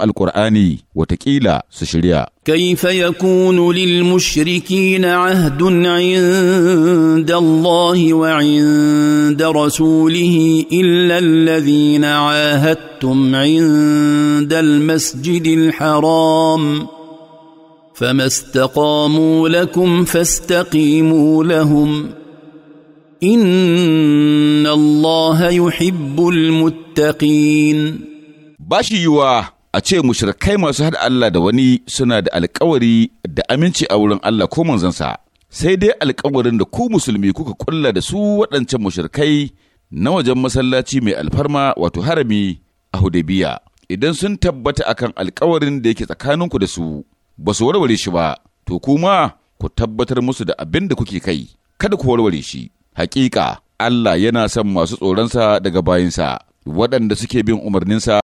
القرآني وتكيلا سشريا كيف يكون للمشركين عهد عند الله وعند رسوله إلا الذين عاهدتم عند المسجد الحرام فما استقاموا لكم فاستقيموا لهم إن الله يحب المتقين بشيوه a ce mushrikai masu haɗa Allah da wani suna da alkawari da aminci a wurin Allah ko manzansa sai dai alkawarin da ku musulmi kuka kulla da su waɗancan mushrikai na wajen masallaci mai alfarma wato harami a hudabiya. idan sun tabbata akan alkawarin da yake tsakaninku da su ba su warware shi ba to kuma ku tabbatar musu da abin da kuke kai kada ku warware shi hakika Allah yana son masu tsoronsa daga bayinsa waɗanda suke bin umarninsa